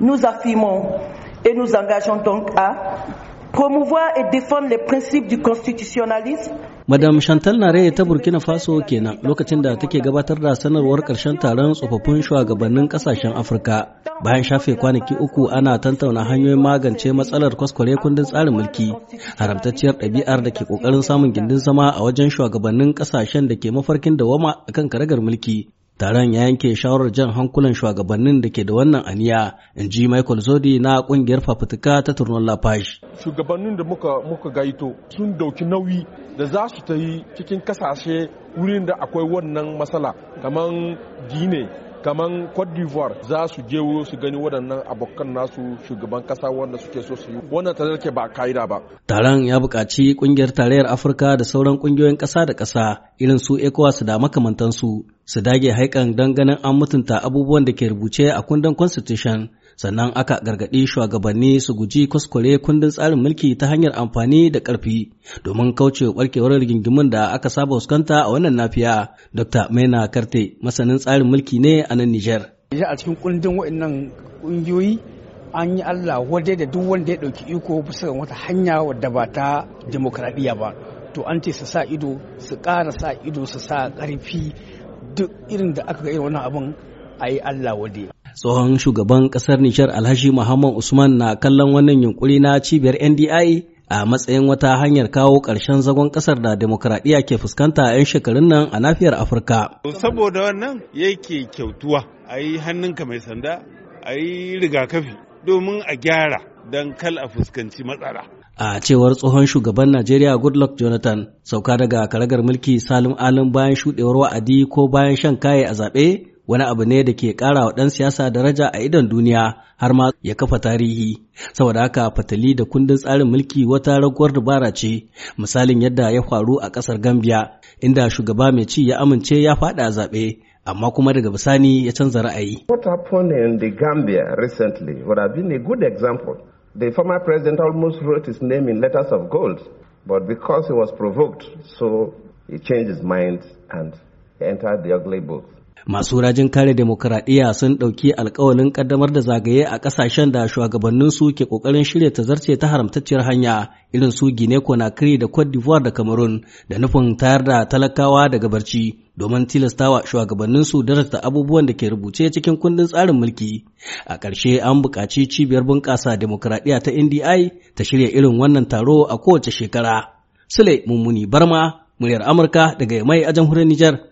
Nous affirmons et nous engageons donc à promouvoir et défendre les principes du constitutionnalisme Madame Chantal Nare ta Burkina Faso kenan lokacin da take gabatar da sanarwar ƙarshen taron tsofaffin shugabannin ƙasashen Afirka. Bayan shafe kwanaki uku ana tantauna hanyoyin magance matsalar kwaskware kundin tsarin mulki, haramtacciyar ɗabi'ar da ke ƙoƙarin samun gindin zama a wajen shugabannin ƙasashen da ke mafarkin dawama a kan karagar mulki, Taron ya yanke shawarar jan hankulan shugabannin da ke da wannan aniya, in ji Michael Zodi na kungiyar fafutuka ta turnon lafashi Shugabannin da muka, muka gaito sun dauki nauyi da za su ta yi cikin kasashe wurin da akwai wannan matsala kamar Gine, kaman Cote d'Ivoire za su je su gani waɗannan abokan nasu shugaban kasa wanda suke so su yi wannan ta tazarce ba ka'ida ba. Taron ya buƙaci ƙungiyar tarayyar Afirka da sauran ƙungiyoyin ƙasa da ƙasa irin su su da makamantansu su dage haikan don ganin an mutunta abubuwan da ke rubuce a kundin Constitution sannan aka gargaɗi shugabanni su guji kuskure kundin tsarin mulki ta hanyar amfani da ƙarfi domin kauce barkewar rigingimun da aka saba fuskanta a wannan nafiya dr maina karte masanin tsarin mulki ne a nan niger a cikin kundin waɗannan ƙungiyoyi an yi allah wadai da duk wanda ya ɗauki iko bisa wata hanya wadda ba ta demokradiyya ba to an ce su sa ido su ƙara sa ido su sa ƙarfi duk irin da aka ga irin wannan abin a yi allah wade tsohon shugaban ƙasar Nijar Alhaji Muhammad Usman na kallon wannan yunkuri na cibiyar NDI a matsayin wata hanyar kawo ƙarshen zagon ƙasar da demokradiyya ke fuskanta a 'yan shekarun nan a nafiyar Afirka. Saboda wannan yake kyautuwa a yi hannunka mai sanda a yi rigakafi domin a gyara don kal a fuskanci matsala. A cewar tsohon shugaban Najeriya Goodluck Jonathan, sauka daga karagar mulki Salim Alim bayan shuɗewar wa'adi ko bayan shan kaye a zaɓe wani abu ne da ke kara wa ɗan siyasa daraja a idon duniya har ma ya kafa tarihi saboda haka fatali da kundin tsarin mulki wata raguwar dabara ce misalin yadda ya faru a ƙasar gambia inda shugaba mai ci ya amince ya faɗa a zaɓe amma kuma daga bisani ya canza ra'ayi. What happened in the Gambia recently would have been a good example. The former president almost wrote his name in letters of gold, but because he was provoked, so he changed his mind and entered the ugly book. masu rajin kare demokuraɗiyya sun ɗauki alkawalin ƙaddamar da zagaye a ƙasashen da shugabanninsu ke ƙoƙarin shirya ta zarce ta haramtacciyar hanya irin su na Conakry da Cote d'Ivoire da Cameroon da nufin tayar da talakawa daga barci domin tilastawa shugabanninsu darasta abubuwan da ke rubuce cikin kundin tsarin mulki. A ƙarshe an buƙaci cibiyar bunƙasa demokuraɗiyya ta NDI ta shirya irin wannan taro a kowace shekara. Sule Mummuni Barma, muryar Amurka daga Yamai a jamhuriyar Nijar.